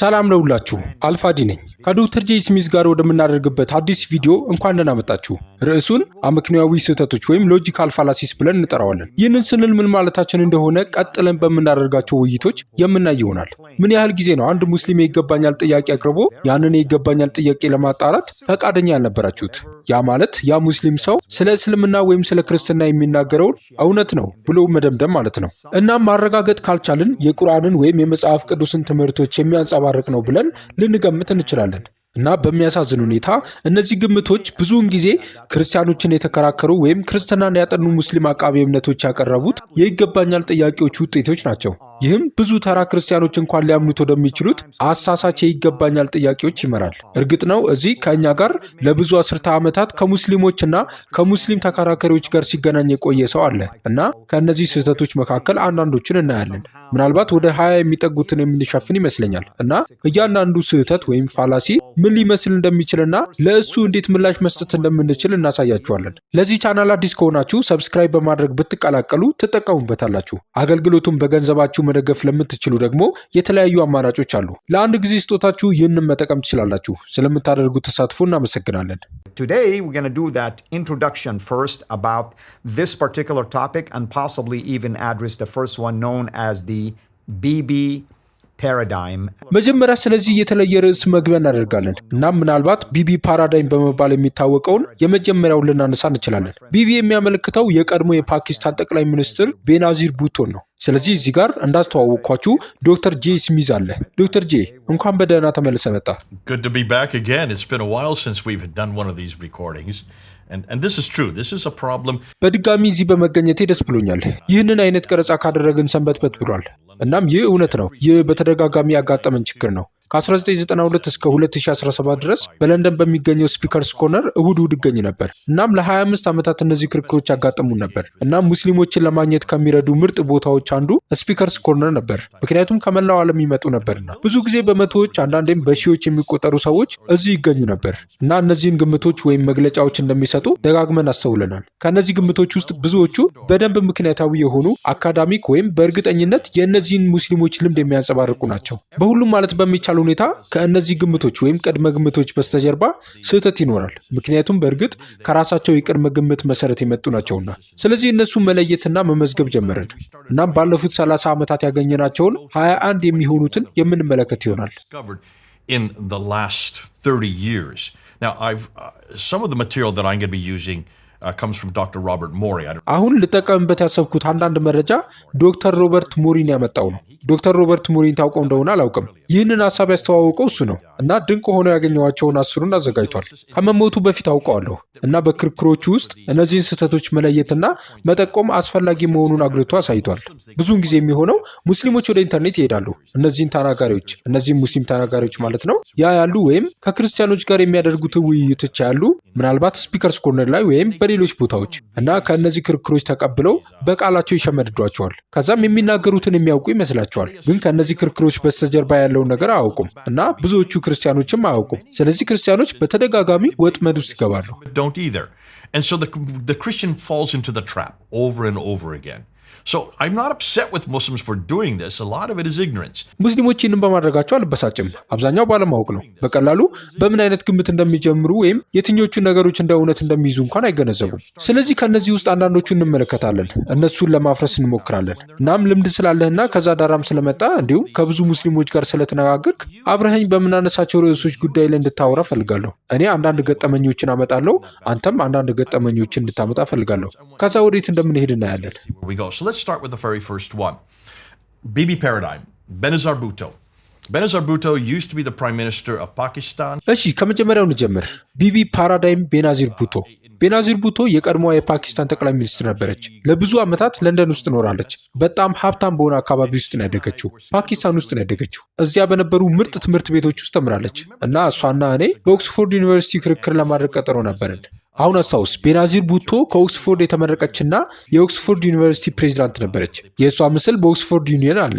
ሰላም ለሁላችሁ፣ አልፋዲ ነኝ። ከዶክተር ጄይ ስሚዝ ጋር ወደምናደርግበት አዲስ ቪዲዮ እንኳን ደህና መጣችሁ። ርዕሱን አመክንያዊ ስህተቶች ወይም ሎጂካል ፋላሲስ ብለን እንጠራዋለን። ይህንን ስንል ምን ማለታችን እንደሆነ ቀጥለን በምናደርጋቸው ውይይቶች የምናይ ይሆናል። ምን ያህል ጊዜ ነው አንድ ሙስሊም የይገባኛል ጥያቄ አቅርቦ ያንን የይገባኛል ጥያቄ ለማጣራት ፈቃደኛ ያልነበራችሁት? ያ ማለት ያ ሙስሊም ሰው ስለ እስልምና ወይም ስለ ክርስትና የሚናገረውን እውነት ነው ብሎ መደምደም ማለት ነው። እናም ማረጋገጥ ካልቻለን የቁርአንን ወይም የመጽሐፍ ቅዱስን ትምህርቶች የሚያንጸባርቅ ነው ብለን ልንገምት እንችላለን። እና በሚያሳዝን ሁኔታ እነዚህ ግምቶች ብዙውን ጊዜ ክርስቲያኖችን የተከራከሩ ወይም ክርስትናን ያጠኑ ሙስሊም አቃቤ እምነቶች ያቀረቡት የይገባኛል ጥያቄዎች ውጤቶች ናቸው። ይህም ብዙ ተራ ክርስቲያኖች እንኳን ሊያምኑት ወደሚችሉት አሳሳች የይገባኛል ጥያቄዎች ይመራል። እርግጥ ነው እዚህ ከእኛ ጋር ለብዙ አስርተ ዓመታት ከሙስሊሞችና ከሙስሊም ተከራካሪዎች ጋር ሲገናኝ የቆየ ሰው አለ እና ከእነዚህ ስህተቶች መካከል አንዳንዶችን እናያለን። ምናልባት ወደ ሀያ የሚጠጉትን የምንሸፍን ይመስለኛል እና እያንዳንዱ ስህተት ወይም ፋላሲ ምን ሊመስል እንደሚችልና ለእሱ እንዴት ምላሽ መስጠት እንደምንችል እናሳያችኋለን። ለዚህ ቻናል አዲስ ከሆናችሁ ሰብስክራይብ በማድረግ ብትቀላቀሉ ትጠቀሙበታላችሁ። አገልግሎቱን በገንዘባችሁ መደገፍ ለምትችሉ ደግሞ የተለያዩ አማራጮች አሉ። ለአንድ ጊዜ ስጦታችሁ ይህንን መጠቀም ትችላላችሁ። ስለምታደርጉ ተሳትፎ እናመሰግናለን። Today we're going to do that introduction first about this particular topic and possibly even address the first one known as the BB መጀመሪያ ስለዚህ የተለየ ርዕስ መግቢያ እናደርጋለን እና ምናልባት ቢቢ ፓራዳይም በመባል የሚታወቀውን የመጀመሪያውን ልናነሳ እንችላለን። ቢቢ የሚያመለክተው የቀድሞ የፓኪስታን ጠቅላይ ሚኒስትር ቤናዚር ቡቶን ነው። ስለዚህ እዚህ ጋር እንዳስተዋወቅኳችሁ ዶክተር ጄ ስሚዝ አለ። ዶክተር ጄ እንኳን በደህና ተመልሰ መጣ። በድጋሚ እዚህ በመገኘቴ ደስ ብሎኛል። ይህንን አይነት ቀረጻ ካደረግን ሰንበት በት ብሏል። እናም ይህ እውነት ነው። ይህ በተደጋጋሚ ያጋጠመን ችግር ነው። ከ1992 እስከ 2017 ድረስ በለንደን በሚገኘው ስፒከርስ ኮርነር እሁድ እሁድ ይገኝ ነበር። እናም ለ25 ዓመታት እነዚህ ክርክሮች ያጋጠሙን ነበር። እናም ሙስሊሞችን ለማግኘት ከሚረዱ ምርጥ ቦታዎች አንዱ ስፒከርስ ኮርነር ነበር፣ ምክንያቱም ከመላው ዓለም ይመጡ ነበርና ብዙ ጊዜ በመቶዎች አንዳንዴም በሺዎች የሚቆጠሩ ሰዎች እዚህ ይገኙ ነበር እና እነዚህን ግምቶች ወይም መግለጫዎች እንደሚሰጡ ደጋግመን አስተውለናል። ከእነዚህ ግምቶች ውስጥ ብዙዎቹ በደንብ ምክንያታዊ የሆኑ አካዳሚክ ወይም በእርግጠኝነት የእነዚህን ሙስሊሞች ልምድ የሚያንጸባርቁ ናቸው። በሁሉም ማለት በሚቻሉ በሚባል ሁኔታ ከእነዚህ ግምቶች ወይም ቅድመ ግምቶች በስተጀርባ ስህተት ይኖራል። ምክንያቱም በእርግጥ ከራሳቸው የቅድመ ግምት መሰረት የመጡ ናቸውና። ስለዚህ እነሱ መለየትና መመዝገብ ጀመርን። እናም ባለፉት 30 ዓመታት ያገኘናቸውን 21 የሚሆኑትን የምንመለከት ይሆናል። Now, I've uh, some of the material that I'm going to be using Uh, አሁን ልጠቀምበት ያሰብኩት አንዳንድ መረጃ ዶክተር ሮበርት ሞሪን ያመጣው ነው። ዶክተር ሮበርት ሞሪን ታውቀው እንደሆነ አላውቅም። ይህንን ሀሳብ ያስተዋወቀው እሱ ነው እና ድንቅ ሆነው ያገኘኋቸውን አስሩን አዘጋጅቷል። ከመሞቱ በፊት አውቀዋለሁ እና በክርክሮቹ ውስጥ እነዚህን ስህተቶች መለየትና መጠቆም አስፈላጊ መሆኑን አግልቶ አሳይቷል። ብዙውን ጊዜ የሚሆነው ሙስሊሞች ወደ ኢንተርኔት ይሄዳሉ። እነዚህን ተናጋሪዎች እነዚህን ሙስሊም ተናጋሪዎች ማለት ነው ያ ያሉ ወይም ከክርስቲያኖች ጋር የሚያደርጉት ውይይቶች ያሉ ምናልባት ስፒከርስ ኮርነር ላይ ወይም በሌሎች ቦታዎች እና ከእነዚህ ክርክሮች ተቀብለው በቃላቸው ይሸመድዷቸዋል። ከዛም የሚናገሩትን የሚያውቁ ይመስላቸዋል። ግን ከእነዚህ ክርክሮች በስተጀርባ ያለውን ነገር አያውቁም እና ብዙዎቹ ክርስቲያኖችም አያውቁም። ስለዚህ ክርስቲያኖች በተደጋጋሚ ወጥመድ ውስጥ ይገባሉ። So I'm not upset with Muslims for doing this. A lot of it is ignorance. ሙስሊሞች ይህንን በማድረጋቸው አልበሳጭም። አብዛኛው ባለማወቅ ነው። በቀላሉ በምን አይነት ግምት እንደሚጀምሩ ወይም የትኞቹን ነገሮች እንደ እውነት እንደሚይዙ እንኳን አይገነዘቡም። ስለዚህ ከእነዚህ ውስጥ አንዳንዶቹ እንመለከታለን፣ እነሱን ለማፍረስ እንሞክራለን። እናም ልምድ ስላለህና ከዛ ዳራም ስለመጣ እንዲሁም ከብዙ ሙስሊሞች ጋር ስለተነጋገርክ አብረኸኝ በምናነሳቸው ርዕሶች ጉዳይ ላይ እንድታወራ ፈልጋለሁ። እኔ አንዳንድ ገጠመኞችን አመጣለሁ፣ አንተም አንዳንድ ገጠመኞችን እንድታመጣ ፈልጋለሁ። ከዛ ወዴት እንደምንሄድ እናያለን። So let's start with the very first one. Bibi Paradigm, Benazir Bhutto. Benazir Bhutto used to be the prime minister of Pakistan. እሺ ከመጀመሪያው እንጀምር። ቢቢ ፓራዳይም ቤናዚር ቡቶ ቤናዚር ቡቶ የቀድሞዋ የፓኪስታን ጠቅላይ ሚኒስትር ነበረች። ለብዙ ዓመታት ለንደን ውስጥ ኖራለች። በጣም ሀብታም በሆነ አካባቢ ውስጥ ነው ያደገችው። ፓኪስታን ውስጥ ነው ያደገችው። እዚያ በነበሩ ምርጥ ትምህርት ቤቶች ውስጥ ተምራለች እና እሷና እኔ በኦክስፎርድ ዩኒቨርሲቲ ክርክር ለማድረግ ቀጠሮ ነበረን። አሁን አስታውስ፣ ቤናዚር ቡቶ ከኦክስፎርድ የተመረቀችና የኦክስፎርድ ዩኒቨርሲቲ ፕሬዚዳንት ነበረች። የእሷ ምስል በኦክስፎርድ ዩኒየን አለ።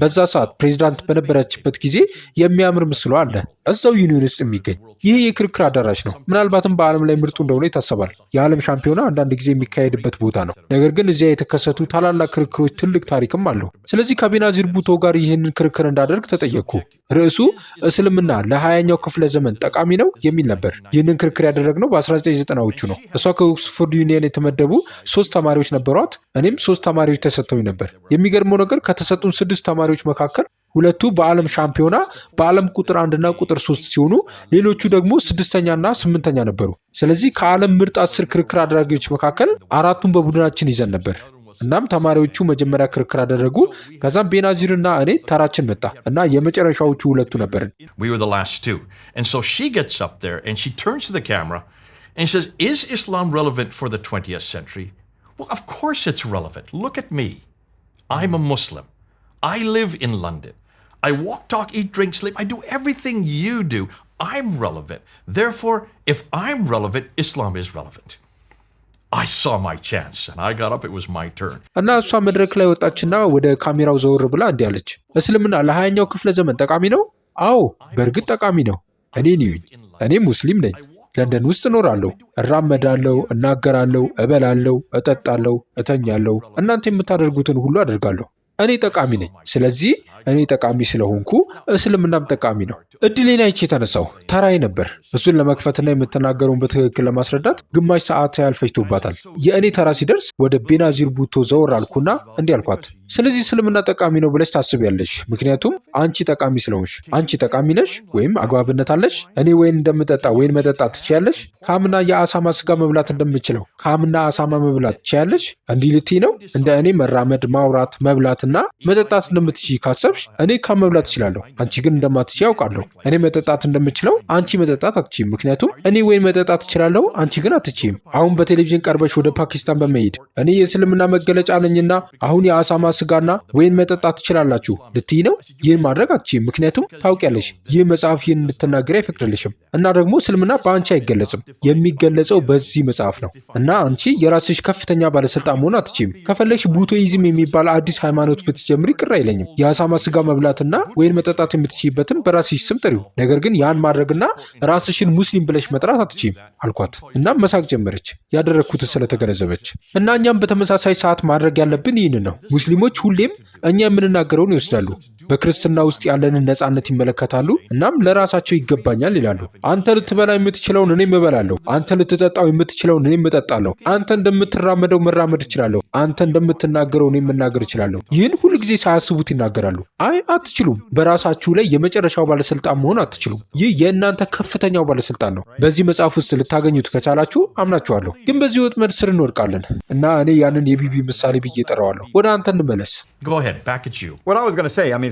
በዛ ሰዓት ፕሬዚዳንት በነበረችበት ጊዜ የሚያምር ምስሏ አለ፣ እዛው ዩኒየን ውስጥ የሚገኝ። ይህ የክርክር አዳራሽ ነው። ምናልባትም በዓለም ላይ ምርጡ እንደሆነ ይታሰባል። የዓለም ሻምፒዮና አንዳንድ ጊዜ የሚካሄድበት ቦታ ነው። ነገር ግን እዚያ የተከሰቱ ታላላቅ ክርክሮች ትልቅ ታሪክም አለው። ስለዚህ ከቤናዚር ቡቶ ጋር ይህንን ክርክር እንዳደርግ ተጠየቅኩ። ርዕሱ እስልምና ለሀያኛው ክፍለ ዘመን ጠቃሚ ነው የሚል ነበር። ይህንን ክርክር ያደረግነው በ1990 ፈተናዎቹ ነው። እሷ ከኦክስፎርድ ዩኒየን የተመደቡ ሶስት ተማሪዎች ነበሯት። እኔም ሶስት ተማሪዎች ተሰጥተው ነበር። የሚገርመው ነገር ከተሰጡን ስድስት ተማሪዎች መካከል ሁለቱ በዓለም ሻምፒዮና በዓለም ቁጥር አንድና ቁጥር ሶስት ሲሆኑ ሌሎቹ ደግሞ ስድስተኛና ስምንተኛ ነበሩ። ስለዚህ ከዓለም ምርጥ አስር ክርክር አድራጊዎች መካከል አራቱን በቡድናችን ይዘን ነበር። እናም ተማሪዎቹ መጀመሪያ ክርክር አደረጉ። ከዛም ቤናዚር እና እኔ ተራችን መጣ እና የመጨረሻዎቹ ሁለቱ ነበርን። and says, Is Islam relevant for the 20th century? Well, of course it's relevant. Look at me. I'm a Muslim. I live in London. I walk, talk, eat, drink, sleep. I do everything you do. I'm relevant. Therefore, if I'm relevant, Islam is relevant. I saw my chance and I got up it was my turn እና እሷ መድረክ ላይ ወጣችና ወደ ካሜራው ዘወር ብላ እንዲህ አለች፣ እስልምና ለሀያኛው ክፍለ ዘመን ጠቃሚ ነው? አዎ፣ በእርግጥ ጠቃሚ ነው። እኔን እዩኝ፣ እኔ ሙስሊም ነኝ። ለንደን ውስጥ እኖራለሁ፣ እራመዳለሁ፣ እናገራለሁ፣ እበላለሁ፣ እጠጣለሁ፣ እተኛለሁ። እናንተ የምታደርጉትን ሁሉ አደርጋለሁ። እኔ ጠቃሚ ነኝ። ስለዚህ እኔ ጠቃሚ ስለሆንኩ እስልምናም ጠቃሚ ነው። እድሌን አይቼ የተነሳው ተራይ ነበር። እሱን ለመክፈትና የምትናገረውን በትክክል ለማስረዳት ግማሽ ሰዓት ያልፈጅቶባታል። የእኔ ተራ ሲደርስ ወደ ቤናዚር ቡቶ ዘወር አልኩና እንዲህ አልኳት። ስለዚህ እስልምና ጠቃሚ ነው ብለሽ ታስቢያለሽ። ምክንያቱም አንቺ ጠቃሚ ስለሆንሽ፣ አንቺ ጠቃሚ ነሽ ወይም አግባብነት አለሽ። እኔ ወይን እንደምጠጣ ወይን መጠጣ ትችያለሽ። ካምና የአሳማ ስጋ መብላት እንደምችለው ካምና አሳማ መብላት ትችያለሽ። እንዲህ ልትይ ነው። እንደ እኔ መራመድ፣ ማውራት፣ መብላትና መጠጣት እንደምትችይ ካሰብሽ እኔ ካም መብላት እችላለሁ። አንቺ ግን እንደማትች ያውቃለሁ። እኔ መጠጣት እንደምችለው አንቺ መጠጣት አትችይም። ምክንያቱም እኔ ወይን መጠጣት እችላለሁ፣ አንቺ ግን አትችይም። አሁን በቴሌቪዥን ቀርበሽ ወደ ፓኪስታን በመሄድ እኔ የእስልምና መገለጫ ነኝና አሁን የአሳማ ስጋና ወይን መጠጣት ትችላላችሁ ልትይ ነው? ይህን ማድረግ አትችይም። ምክንያቱም ታውቂያለሽ፣ ይህ መጽሐፍ ይህን እንድትናገር አይፈቅድልሽም። እና ደግሞ ስልምና በአንቺ አይገለጽም። የሚገለጸው በዚህ መጽሐፍ ነው። እና አንቺ የራስሽ ከፍተኛ ባለስልጣን መሆን አትችይም። ከፈለሽ ቡቶይዝም የሚባል አዲስ ሃይማኖት ብትጀምሪ ቅር አይለኝም። የአሳማ ስጋ መብላትና ወይን መጠጣት የምትችይበትም በራስሽ ስም ጥሪው። ነገር ግን ያን ማድረግና ራስሽን ሙስሊም ብለሽ መጥራት አትችይም አልኳት። እናም መሳቅ ጀመረች፣ ያደረግኩትን ስለተገነዘበች። እና እኛም በተመሳሳይ ሰዓት ማድረግ ያለብን ይህን ነው ሰዎች ሁሌም እኛ የምንናገረውን ይወስዳሉ። በክርስትና ውስጥ ያለንን ነፃነት ይመለከታሉ። እናም ለራሳቸው ይገባኛል ይላሉ። አንተ ልትበላ የምትችለውን እኔም እበላለሁ። አንተ ልትጠጣው የምትችለውን እኔም እጠጣለሁ። አንተ እንደምትራመደው መራመድ እችላለሁ። አንተ እንደምትናገረው እኔም መናገር እችላለሁ። ይህን ሁል ጊዜ ሳያስቡት ይናገራሉ። አይ አትችሉም። በራሳችሁ ላይ የመጨረሻው ባለስልጣን መሆን አትችሉም። ይህ የእናንተ ከፍተኛው ባለስልጣን ነው። በዚህ መጽሐፍ ውስጥ ልታገኙት ከቻላችሁ አምናችኋለሁ። ግን በዚህ ወጥመድ ስር እንወድቃለን እና እኔ ያንን የቢቢ ምሳሌ ብዬ ጠረዋለሁ። ወደ አንተ እንመለስ።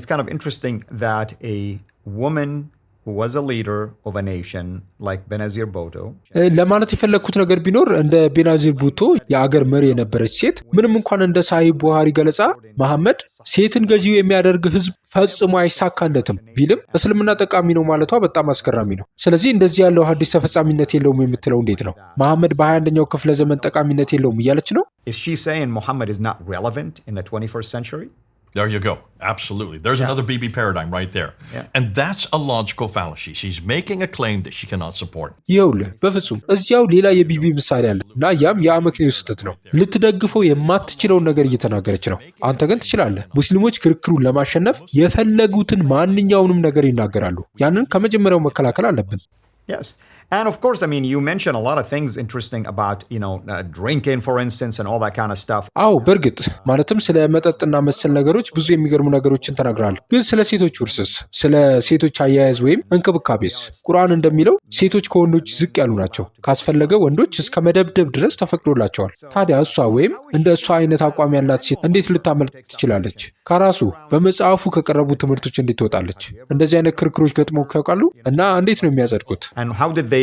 it's kind of interesting that a woman who was a a leader of nation like Benazir Bhutto. Eh, ለማለት የፈለግኩት ነገር ቢኖር እንደ ቤናዚር ቡቶ የአገር መሪ የነበረች ሴት ምንም እንኳን እንደ ሳሂብ ቡሃሪ ገለጻ መሐመድ ሴትን ገዢው የሚያደርግ ህዝብ ፈጽሞ አይሳካለትም ቢልም እስልምና ጠቃሚ ነው ማለቷ በጣም አስገራሚ ነው። ስለዚህ እንደዚህ ያለው ሀዲስ ተፈጻሚነት የለውም የምትለው እንዴት ነው? መሐመድ በ21ኛው ክፍለ ዘመን ጠቃሚነት የለውም እያለች ነው? There you go. Absolutely. There's yeah. another BB paradigm right there. Yeah. And that's a logical fallacy. She's making a claim that she cannot support. ይኸውልህ በፍጹም እዚያው ሌላ የቢቢ ምሳሌ አለ እና ያም የአመክንዮ ስህተት ነው። ልትደግፈው የማትችለውን ነገር እየተናገረች ነው። አንተ ግን ትችላለህ። ሙስሊሞች ክርክሩን ለማሸነፍ የፈለጉትን ማንኛውንም ነገር ይናገራሉ። ያንን ከመጀመሪያው መከላከል አለብን። And of course, I mean, you mentioned a lot of things interesting about, you know, uh, drinking, for instance, and all that kind of stuff. አዎ በእርግጥ ማለትም ስለ መጠጥና መሰል ነገሮች ብዙ የሚገርሙ ነገሮችን ተናግራል። ግን ስለ ሴቶች ውርስስ? ስለ ሴቶች አያያዝ ወይም እንክብካቤስ? ቁርአን እንደሚለው ሴቶች ከወንዶች ዝቅ ያሉ ናቸው፣ ካስፈለገ ወንዶች እስከ መደብደብ ድረስ ተፈቅዶላቸዋል። ታዲያ እሷ ወይም እንደ እሷ አይነት አቋም ያላት ሴት እንዴት ልታመልጥ ትችላለች? ከራሱ በመጽሐፉ ከቀረቡ ትምህርቶች እንዴት ትወጣለች? እንደዚህ አይነት ክርክሮች ገጥሞ ያውቃሉ? እና እንዴት ነው የሚያጸድቁት?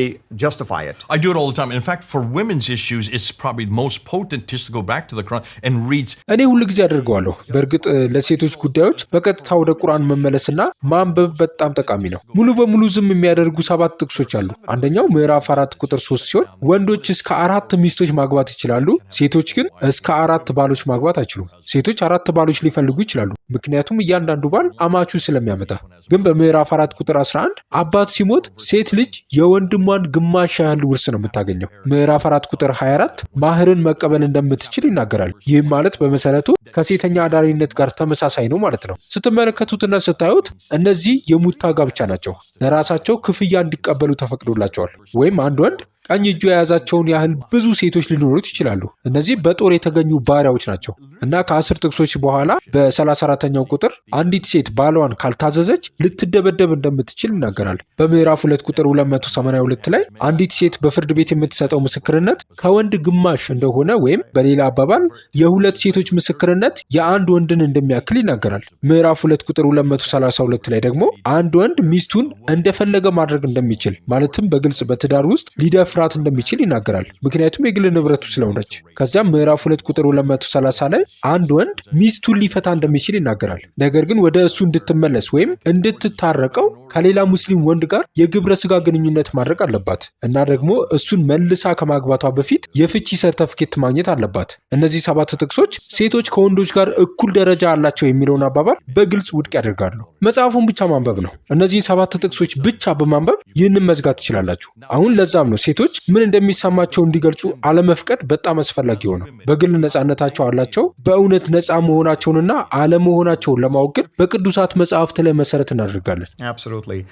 really justify it. I do it all the time. In fact, for women's issues, it's probably the most potent just to go back to the Quran and read. እኔ ሁሉ ጊዜ አደርገዋለሁ። በእርግጥ ለሴቶች ጉዳዮች በቀጥታ ወደ ቁርአን መመለስና ማንበብ በጣም ጠቃሚ ነው። ሙሉ በሙሉ ዝም የሚያደርጉ ሰባት ጥቅሶች አሉ። አንደኛው ምዕራፍ አራት ቁጥር ሶስት ሲሆን ወንዶች እስከ አራት ሚስቶች ማግባት ይችላሉ፣ ሴቶች ግን እስከ አራት ባሎች ማግባት አይችሉም። ሴቶች አራት ባሎች ሊፈልጉ ይችላሉ፣ ምክንያቱም እያንዳንዱ ባል አማቹ ስለሚያመጣ። ግን በምዕራፍ አራት ቁጥር 11 አባት ሲሞት ሴት ልጅ የወንድ የወንድሟን ግማሽ ያህል ውርስ ነው የምታገኘው። ምዕራፍ አራት ቁጥር 24 ማህርን መቀበል እንደምትችል ይናገራል። ይህም ማለት በመሰረቱ ከሴተኛ አዳሪነት ጋር ተመሳሳይ ነው ማለት ነው። ስትመለከቱትና ስታዩት እነዚህ የሙታ ጋብቻ ናቸው። ለራሳቸው ክፍያ እንዲቀበሉ ተፈቅዶላቸዋል። ወይም አንድ ወንድ ቀኝ እጁ የያዛቸውን ያህል ብዙ ሴቶች ሊኖሩት ይችላሉ። እነዚህ በጦር የተገኙ ባሪያዎች ናቸው እና ከአስር ጥቅሶች በኋላ በ34ኛው ቁጥር አንዲት ሴት ባሏን ካልታዘዘች ልትደበደብ እንደምትችል ይናገራል። በምዕራፍ 2 ቁጥር 282 ላይ አንዲት ሴት በፍርድ ቤት የምትሰጠው ምስክርነት ከወንድ ግማሽ እንደሆነ ወይም በሌላ አባባል የሁለት ሴቶች ምስክርነት የአንድ ወንድን እንደሚያክል ይናገራል። ምዕራፍ 2 ቁጥር 232 ላይ ደግሞ አንድ ወንድ ሚስቱን እንደፈለገ ማድረግ እንደሚችል ማለትም በግልጽ በትዳር ውስጥ ሊደፍራ መፍራት እንደሚችል ይናገራል። ምክንያቱም የግል ንብረቱ ስለሆነች። ከዚያም ምዕራፍ ሁለት ቁጥር 230 ላይ አንድ ወንድ ሚስቱን ሊፈታ እንደሚችል ይናገራል። ነገር ግን ወደ እሱ እንድትመለስ ወይም እንድትታረቀው ከሌላ ሙስሊም ወንድ ጋር የግብረ ስጋ ግንኙነት ማድረግ አለባት እና ደግሞ እሱን መልሳ ከማግባቷ በፊት የፍቺ ሰርተፍኬት ማግኘት አለባት። እነዚህ ሰባት ጥቅሶች ሴቶች ከወንዶች ጋር እኩል ደረጃ አላቸው የሚለውን አባባል በግልጽ ውድቅ ያደርጋሉ። መጽሐፉን ብቻ ማንበብ ነው። እነዚህን ሰባት ጥቅሶች ብቻ በማንበብ ይህንን መዝጋት ትችላላችሁ። አሁን ለዛም ነው ሴቶች ድርጅቶች ምን እንደሚሰማቸው እንዲገልጹ አለመፍቀድ በጣም አስፈላጊ ሆነ። በግል ነፃነታቸው አላቸው። በእውነት ነፃ መሆናቸውንና አለመሆናቸውን ለማወቅ ግን በቅዱሳት መጽሐፍት ላይ መሰረት እናደርጋለን። um,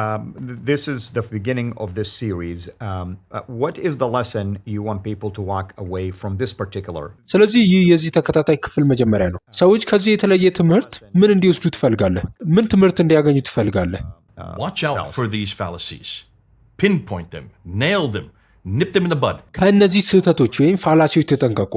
um, uh, ስለዚህ ይህ የዚህ ተከታታይ ክፍል መጀመሪያ ነው። ሰዎች ከዚህ የተለየ ትምህርት ምን እንዲወስዱ ትፈልጋለህ? ምን ትምህርት እንዲያገኙ ትፈልጋለህ? ፒንፖይንት them, nail them, nip them in the ከእነዚህ ስህተቶች ወይም ፋላሲዎች ተጠንቀቁ፣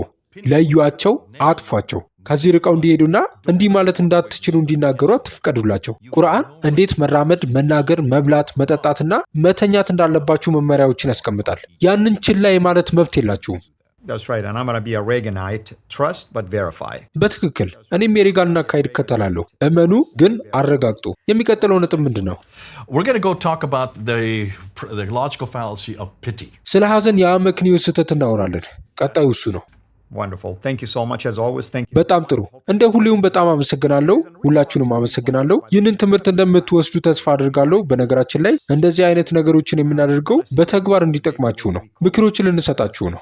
ለዩዋቸው፣ አጥፏቸው። ከዚህ ርቀው እንዲሄዱና እንዲህ ማለት እንዳትችሉ እንዲናገሩ አትፍቀዱላቸው። ቁርአን እንዴት መራመድ፣ መናገር፣ መብላት፣ መጠጣትና መተኛት እንዳለባችሁ መመሪያዎችን ያስቀምጣል። ያንን ችላ የማለት መብት የላችሁም። በትክክል እኔም የሬጋንን አካሄድ እከተላለሁ። እመኑ ግን አረጋግጡ። የሚቀጥለው ነጥብ ምንድን ነው? ስለ ሐዘን የአመክንዮ ስህተት እናወራለን። ቀጣዩ እሱ ነው። በጣም ጥሩ። እንደ ሁሌውም በጣም አመሰግናለሁ። ሁላችሁንም አመሰግናለሁ። ይህንን ትምህርት እንደምትወስዱ ተስፋ አድርጋለሁ። በነገራችን ላይ እንደዚህ አይነት ነገሮችን የምናደርገው በተግባር እንዲጠቅማችሁ ነው። ምክሮችን ልንሰጣችሁ ነው።